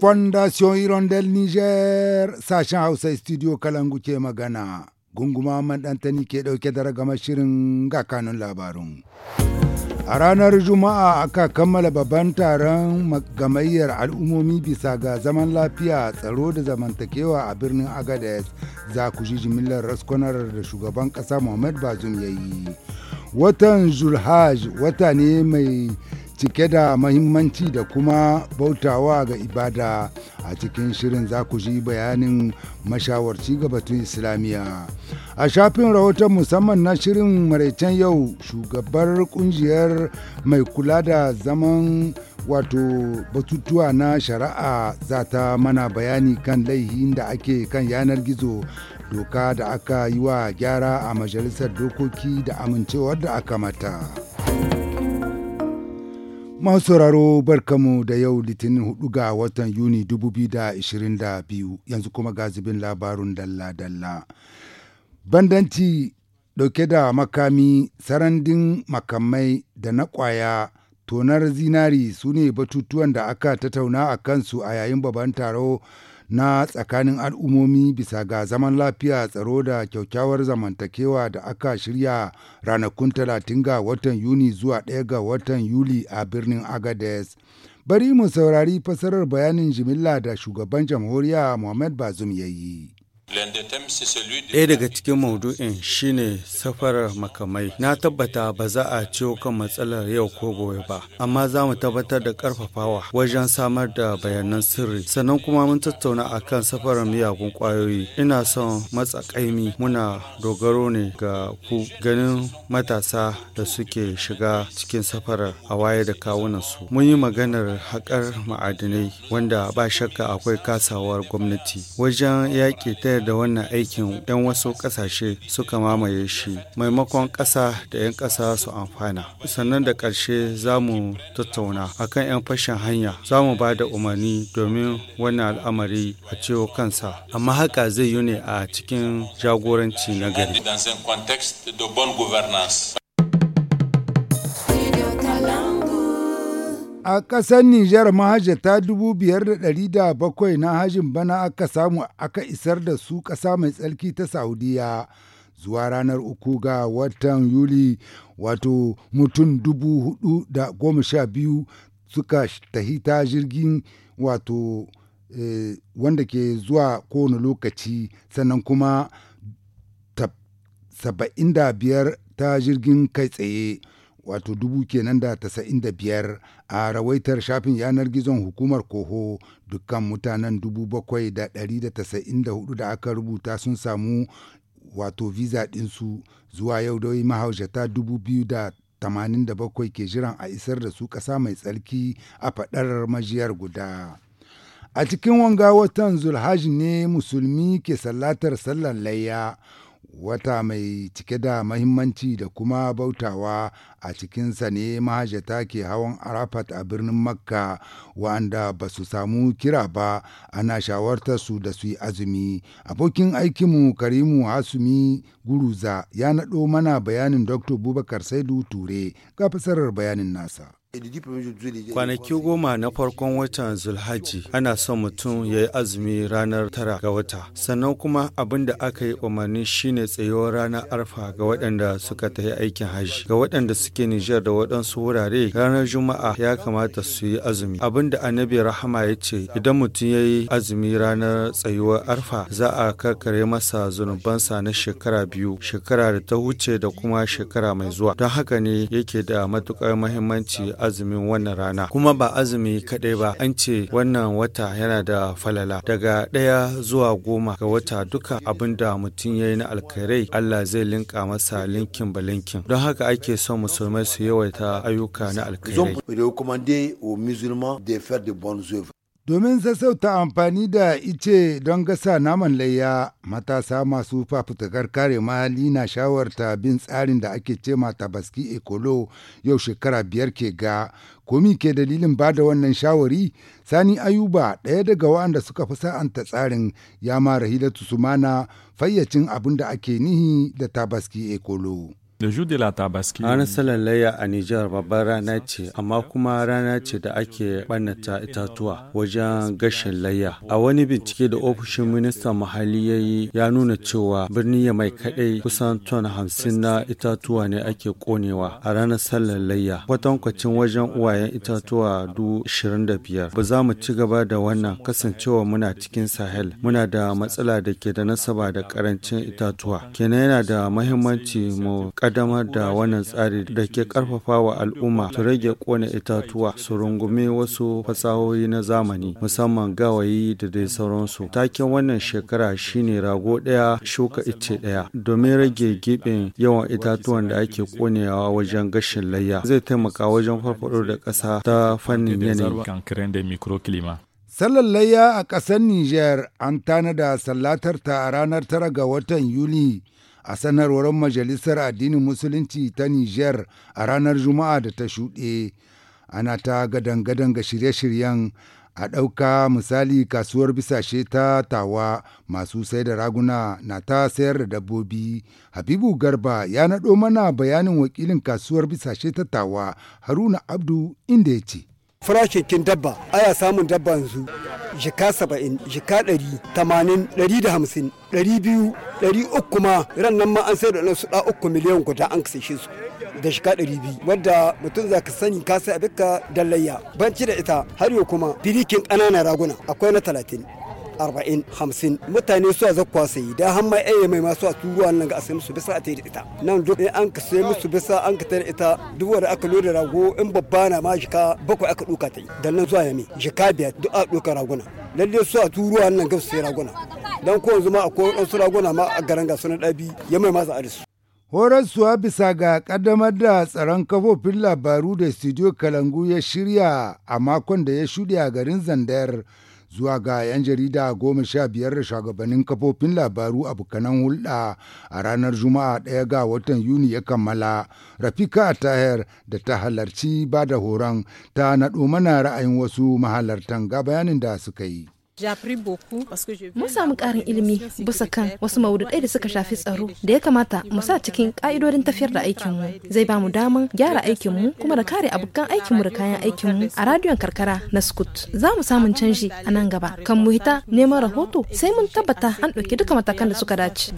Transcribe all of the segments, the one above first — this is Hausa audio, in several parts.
fondation hirondel niger sashen hausa studio kalangu ke magana gunguma maɗantani ke ɗauke da ragamar shirin ga kanun labarun a ranar juma'a aka kammala babban taron gamayyar al'ummomi bisa ga zaman lafiya tsaro da zamantakewa a birnin agadez za ku ji jimillar raskonar da shugaban ƙasa muhammad bazum ya yi watan julhaj wata ne mai cike da mahimmanci da kuma bautawa ga ibada a cikin shirin za ku ji bayanin mashawarci ga batun islamiyya a shafin rahoton musamman na shirin maraicen yau shugabar kungiyar mai kula da zaman wato batutuwa na shari'a za ta mana bayani kan laihin da ake kan yanar gizo doka da aka yi wa gyara a majalisar dokoki da amincewar da aka mata. Masu sauraro barkamu da yau litinin hudu ga watan Yuni 2022 yanzu kuma ga zubin labarun dalla-dalla. Bandanci dauke da makami, sarandin makamai da na kwaya tonar zinari su ne batutuwan da aka tattauna a kansu a yayin babban taro na tsakanin al'ummomi bisa ga zaman lafiya tsaro da kyaukyawar zamantakewa da aka shirya ranakun talatin ga watan Yuni zuwa ɗaya ga watan Yuli a birnin Agades. Bari mu saurari fasarar bayanin jimilla da shugaban jamhuriya Muhammad Bazum ya yi. Ɗaya daga cikin maudu'in shine safarar makamai. Na tabbata ba za a ciwo kan matsalar yau ko gobe ba, amma za mu tabbatar da ƙarfafawa wajen samar da bayanan sirri. Sannan kuma mun tattauna a kan safarar miyagun ƙwayoyi. Ina son matsakaimi muna dogaro ne ga ku ganin matasa da suke shiga cikin safarar a waye da su. Mun yi maganar haƙar ma'adinai wanda ba shakka akwai kasawar gwamnati wajen yaƙi ta da wannan aikin don wasu ƙasashe suka mamaye shi maimakon ƙasa da 'yan ƙasa su amfana. Sannan da ƙarshe za mu tattauna akan 'yan fashin hanya za mu ba da umarni domin wannan al'amari a ciwo kansa. Amma haka zai yi ne a cikin jagoranci na gari. A ƙasar Nijar mahajjata 5,700 na hajin bana aka samu aka isar da su ƙasa mai tsarki ta Saudiya. zuwa ranar uku ga watan Yuli wato mutum dubu hudu da goma sha biyu suka ta jirgin wato eh, wanda ke zuwa kowane lokaci sannan kuma saba'in biyar ta jirgin kai tsaye wato dubu kenan da tasa'in da biyar a rawaitar shafin yanar gizon hukumar koho dukkan mutanen dubu bakwai da ɗari da tasa'in da hudu da aka rubuta sun samu wato visa ɗinsu zuwa yau wai mahaushata dubu biyu da tamanin da bakwai ke jiran a isar da su ƙasa mai tsarki a faɗar majiyar guda. A cikin wanga watan Zulhaj ne musulmi ke sallatar sallar layya wata mai cike da mahimmanci da kuma bautawa a cikinsa ne mahajata ke hawan arafat a birnin makka wa'anda ba su samu kira ba ana shawartar su da su yi azumi abokin aikinmu karimu hasumi guruza ya naɗo mana bayanin dr bubakar saidu ture ga fasarar bayanin nasa Kwanaki goma na farkon watan Zulhaji ana son mutum ya yi azumi ranar tara ga wata. Sannan kuma abin da aka yi umarni shine tsayuwar ranar arfa ga waɗanda suka yi aikin hajji. Ga waɗanda suke Nijar da waɗansu wurare ranar Juma'a ya kamata su yi azumi. Abin da Annabi Rahama ya ce idan mutum ya yi azumi ranar tsayuwar arfa za a karkare masa zunubansa na shekara biyu, shekara da ta wuce da kuma shekara mai zuwa. Don haka ne yake da matuƙar muhimmanci azumin wannan rana kuma ba azumi kaɗai ba an ce wannan wata yana da falala daga ɗaya zuwa goma ga wata duka abin da mutum ya yi na alkhairai Allah zai linka masa linkin ba linkin don haka ake son musulmai su yawaita ayyuka na alkhairai. Domin sassauta amfani da ice don gasa naman layya, matasa masu fafutukar kare mahalli na shawarta bin tsarin da ake ce tabaski ekolo yau shekara biyar ke ga. Komi ke dalilin ba da wannan shawari, Sani Ayuba ɗaya daga waɗanda suka fi sa'anta tsarin ya mara hidatu sumana fayyacin abin da ake nihi da tabaski ekolo. Da Judela Tabaski. Ranar a Nijar babbar rana ce, amma kuma rana ce da ake ɓannata itatuwa wajen gashin layya. A wani bincike da ofishin ministan muhalli ya yi ya nuna cewa birni ya mai kadai kusan ton hamsin na itatuwa ne ake konewa. a ranar salar layya Kwatankwacin wajen uwayen itatuwa du 25. Ba za mu ci gaba da wannan kasancewa muna cikin Sahel. Muna da matsala da ke da nasaba da karancin itatuwa. Kenan yana da mahimmanci mu kaddamar da wannan tsari da ke karfafa wa al'umma su rage kone itatuwa su rungume wasu fasahohi na zamani musamman gawayi da dai sauransu. Taken wannan shekara shine rago ɗaya shuka ice ɗaya domin rage gibin yawan itatuwan da ake konewa wajen gashin layya zai taimaka wajen farfaɗo da ƙasa ta fannin yanayi. Sallar layya a ƙasar Nijar an tanada sallatarta a ranar tara ga watan Yuli a sanarwar majalisar addinin musulunci ta niger a ranar juma'a da ta shuɗe ana ta gadan-gadan ga shirye-shiryen a ɗauka misali kasuwar bisashe ta tawa masu sai da raguna na ta sayar da dabbobi habibu garba ya naɗo mana bayanin wakilin kasuwar bisashe ta tawa haruna abdu inda ya ce farashin kin dabba ana samun dabba yanzu jika saba'in jika ɗari tamanin ɗari da hamsin ɗari biyu ɗari uku ma ran nan ma an sai da su ɗa uku miliyan guda an kasashe su da shika ɗari biyu wadda mutum za ka sani ka sai abinka dallayya banci da ita har yau kuma firikin ƙananan raguna akwai na talatin arba'in hamsin mutane su a zakwa sai da har ma mai masu a turuwa nan ga asali sai musu bisa a da ita nan duk an ka sai musu bisa an ka tare ita duk wanda aka loda rago in babba na ma jika bakwai aka duka ta yi dan nan zuwa yami jika biyar duk a duka raguna lalle su a turuwa nan ga sai raguna dan ko yanzu ma akwai wadansu raguna ma a garin ga sunan ɗabi ya mai masu a su horarsuwa bisa ga kaddamar da tsaron kafofin labaru da studio kalangu ya shirya a makon da ya shuɗe a garin zandar zuwa ga 'yan jarida goma sha biyar da shugabannin kafofin labaru a bukanan hulɗa a ranar juma'a ɗaya ga watan yuni ya kammala rafika tahir da ta halarci ba da horon ta naɗo mana ra'ayin wasu mahalartan ga bayanin da suka yi. Mun samu ƙarin ilimi bisa kan wasu maudu'ai da suka shafi tsaro da ya kamata mu sa cikin ƙa'idodin tafiyar da aikinmu. Zai ba mu daman gyara aikinmu kuma da kare abokan aikinmu da kayan aikinmu a radiyon karkara na scott Za mu samun canji a nan gaba. Kan mu hita neman rahoto sai mun tabbata an ɗauki duka matakan da suka dace.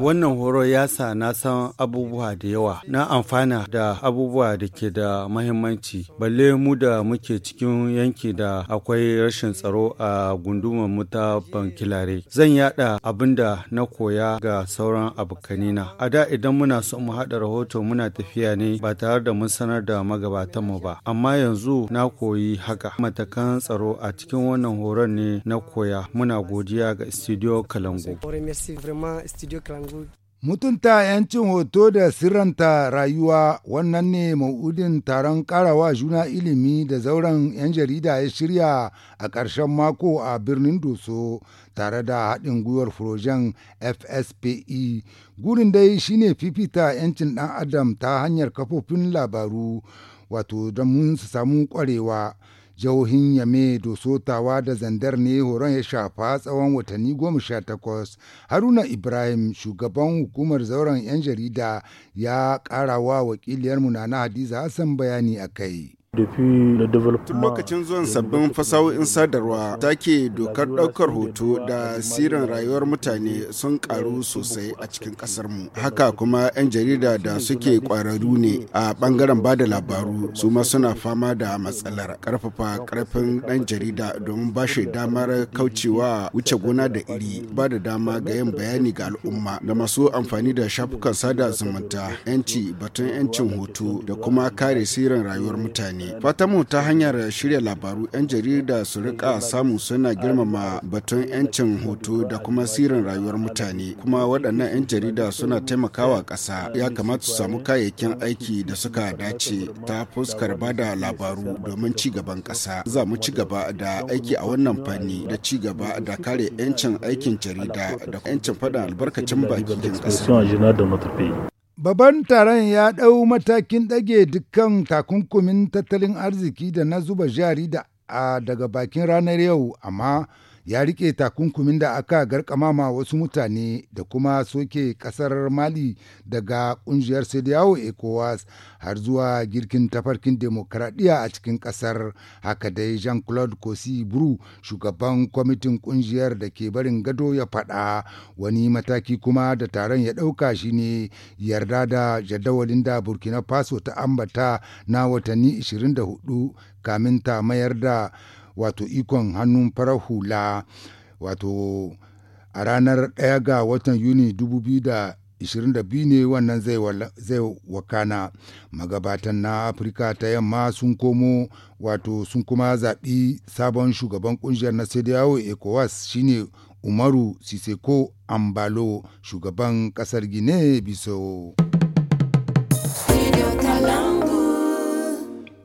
Wannan horo ya sa na san abubuwa da yawa. Na amfana da abubuwa da ke da mahimmanci. Balle mu da muke cikin yanki da akwai rashin tsaro a gundumar mu ta bankilare zan yada abin da na koya ga sauran abokanina a da idan muna so mu haɗa rahoto muna tafiya ne ba tare da mun sanar da magabatan mu ba amma yanzu na koyi haka matakan tsaro a cikin wannan horon ne na koya muna godiya ga studio kalangu Mutunta 'yancin hoto da sirranta rayuwa wannan ne ma'udin taron karawa juna ilimi da zauren 'yan jarida ya shirya a ƙarshen mako a birnin Doso tare da haɗin gwiwar Furojen FSPE. Gurin dai shine fifita 'yancin ɗan adam ta hanyar kafofin labaru wato da mun samu ƙwarewa. Jauhin yame dosotawa da zandar ne horon ya shafa tsawon watanni goma sha takwas haruna ibrahim shugaban hukumar zauren 'yan jarida ya ƙara wa wakiliyar munana hadiza hassan bayani a kai Tun lokacin zuwan sabbin fasahohin sadarwa take dokar ɗaukar hoto da sirin rayuwar mutane sun karu sosai a cikin mu. Haka kuma 'yan jarida da suke kwararru ne a bangaren bada labaru su ma suna fama da matsalar ƙarfafa ƙarfin ɗan jarida domin ba shi damar kaucewa wuce gona da iri ba da dama ga yin bayani ga al'umma da masu amfani da shafukan sada zumunta 'yanci batun 'yancin hoto da kuma kare sirin rayuwar mutane. fata mu ta hanyar shirya labaru 'yan jarida su rika samu suna girmama batun 'yancin hoto da kuma sirin rayuwar mutane kuma waɗannan 'yan jarida suna taimakawa ƙasa ya kamata su samu kayayyakin aiki da suka dace ta fuskar ba da labaru domin ci gaban ƙasa za mu ci gaba da aiki a wannan fanni da ci gaba da kare 'yancin aikin jarida da 'yancin faɗin albarkacin baki ƙasa Babban taron ya ɗau matakin ɗage dukkan takunkumin tattalin arziki da na zuba jari da daga bakin ranar yau, amma ya rike takunkumin da aka garkamama wasu mutane da kuma soke kasar mali daga kungiyar sadiyawo ecowas har zuwa girkin tafarkin demokradiyya a cikin kasar haka dai jean-claude cosi bru shugaban kwamitin kungiyar da ke barin gado ya fada wani mataki kuma da taron ya ɗauka shine yarda da jadawalin da burkina faso ta ambata na watanni 24 kamin ta mayar da wato ikon hannun farar hula wato a ranar 1 ga watan yuni 2022 ne wannan zai wakana magabatan na afirka ta yamma sun komo wato sun kuma zaɓi sabon shugaban kungiyar na cdao ecowas shine umaru siseko ambalo shugaban ƙasar guinea biso.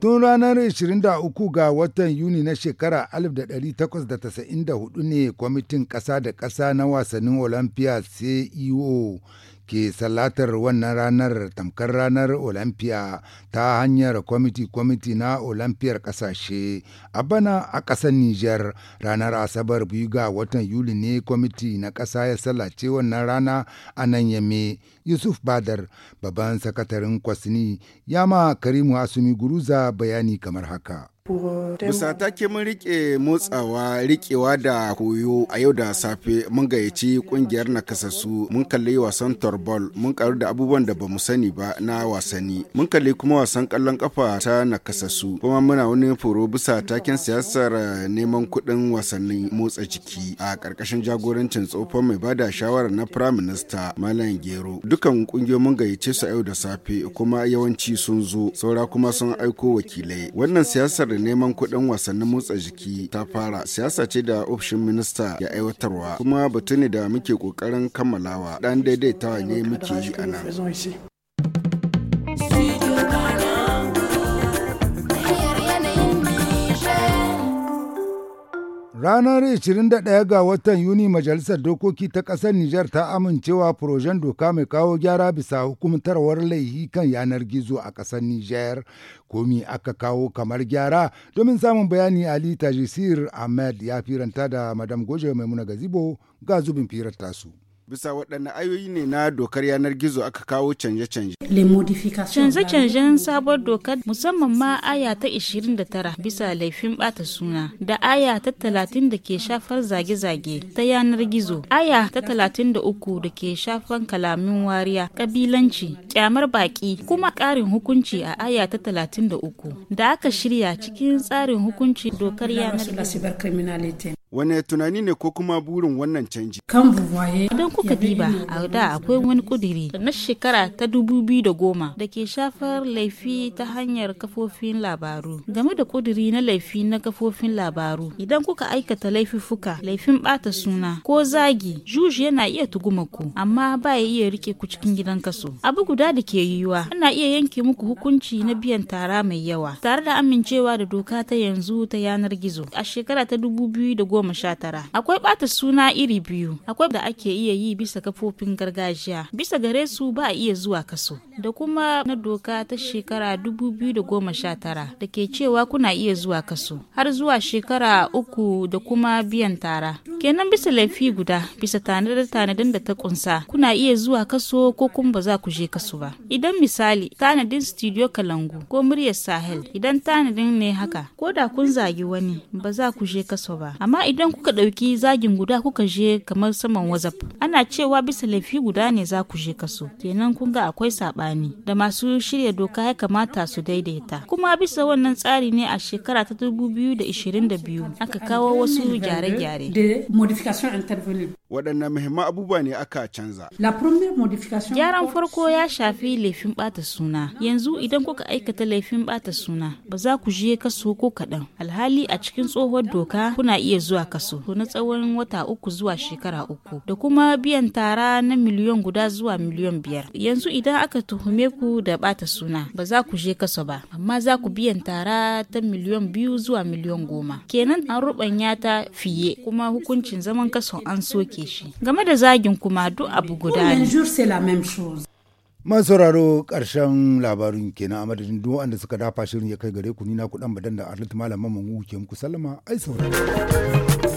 Tun ranar 23 ga watan Yuni na shekara 1894 ne kwamitin ƙasa da ƙasa na wasannin Olympia CEO ke sallatar wannan ranar tamkar ranar olamfiya ta hanyar kwamiti-kwamiti na olamfiyar ƙasashe a bana a ƙasar Nijar ranar Asabar biyu ga watan Yuli ne kwamiti na ƙasa ya sallace wannan rana a nan yame Yusuf Badar babban sakatarin kwasni ya ma Karimu Asumi Guruza bayani kamar haka. Euh, bisa take mun rike motsawa rikewa da koyo a yau da safe mun gayyaci kungiyar nakasassu mun kalli wasan torbol mun karu da abubuwan da bamu sani ba na wasanni mun kalli kuma wasan kallon kafa ta nakasassu kuma muna wani foro bisa taken siyasar eh, neman kudin wasannin motsa jiki a karkashin jagorancin tsofon mai bada shawara na firaminista minister malam gero dukan kungiyoyin mun gayyace su a yau da safe kuma yawanci sun zo saura kuma sun aiko wakilai wannan siyasar neman kuɗin wasannin motsa jiki ta fara siyasa ce da ofishin minista ya aiwatarwa kuma batu da muke ƙoƙarin kammalawa ɗan daidaitawa ne muke yi a nan. Ranar 21 ga watan Yuni Majalisar Dokoki ta ƙasar Nijar ta amincewa furojen doka mai kawo gyara bisa hukumtarwar laihi kan yanar gizo a ƙasar Nijar. Komi aka kawo kamar gyara domin samun bayani Ali Tajisir Ahmed ya firanta da Madam Goje Maimuna Gazibo ga zubin firar tasu. bisa waɗanne ayoyi ne na dokar yanar gizo aka kawo canje-canje. Canje-canjen sabon dokar musamman ma aya ta 29 bisa laifin bata suna da aya ta 30 da ke shafar zage-zage ta yanar gizo, aya ta 33 da ke shafan kalamin wariya, kabilanci, kyamar baƙi, kuma ƙarin hukunci a aya ta 33 da aka shirya cikin tsarin hukunci dokar yanar gizo. Wane tunani ne ko kuma burin wannan canji? Idan kuka diba a da akwai wani kudiri na shekara ta dubu biyu da goma da ke shafar laifi ta hanyar kafofin labaru. Game da kudiri na laifi na kafofin labaru, idan kuka aikata laifuffuka, laifin bata suna ko zagi, juji yana iya tuguma ku, amma ba ya iya rike ku cikin gidan kaso. Abu guda da ke yiwuwa, ana iya yanke muku hukunci na biyan tara mai yawa, tare da amincewa da doka ta yanzu ta yanar gizo. A shekara ta dubu biyu da goma goma sha tara. Akwai ɓata suna iri biyu, akwai da ake iya yi bisa kafofin gargajiya, bisa gare su ba a iya zuwa kaso. Da kuma na doka ta shekara dubu biyu da goma sha tara da ke cewa kuna iya zuwa kaso har zuwa shekara uku da kuma biyan tara. Kenan bisa laifi guda bisa tanadin da ta kunsa kuna iya zuwa kaso ko kuma ba za ku je kaso ba. Idan misali tanadin studio kalangu ko muryar sahel idan tanadin ne haka ko da kun zagi wani ba za ku je kaso ba amma idan kuka ɗauki zagin guda kuka je kamar saman wazaf ana cewa bisa laifi guda ne za ku je kaso kenan kun ga akwai saɓani da masu shirya doka ya kamata su daidaita kuma bisa wannan tsari ne a shekara ta 2022 aka kawo wasu gyare-gyare waɗanne muhimman abubuwa ne aka canza. Gyaran farko ya shafi laifin ɓata suna. Yanzu idan kuka aikata laifin ɓata suna ba za ku je kaso ko kaɗan. Alhali a cikin tsohuwar doka kuna iya zuwa kaso na tsawon wata uku zuwa shekara uku da kuma biyan tara na miliyon guda zuwa miliyon biyar. Yanzu idan aka tuhume ku da ɓata suna ba za ku je kaso ba amma za ku biyan tara ta miliyon biyu zuwa miliyon goma. Kenan an ruɓanya ta fiye kuma hukuncin zaman kaso an soke. sake shi game da zagin kuma duk abu guda ne sauraro karshen labarin kenan a madadin duk wanda suka dafa shirin ya kai gare ku ni na kudan badan da arlit malaman mamu ke muku sallama ai sauraro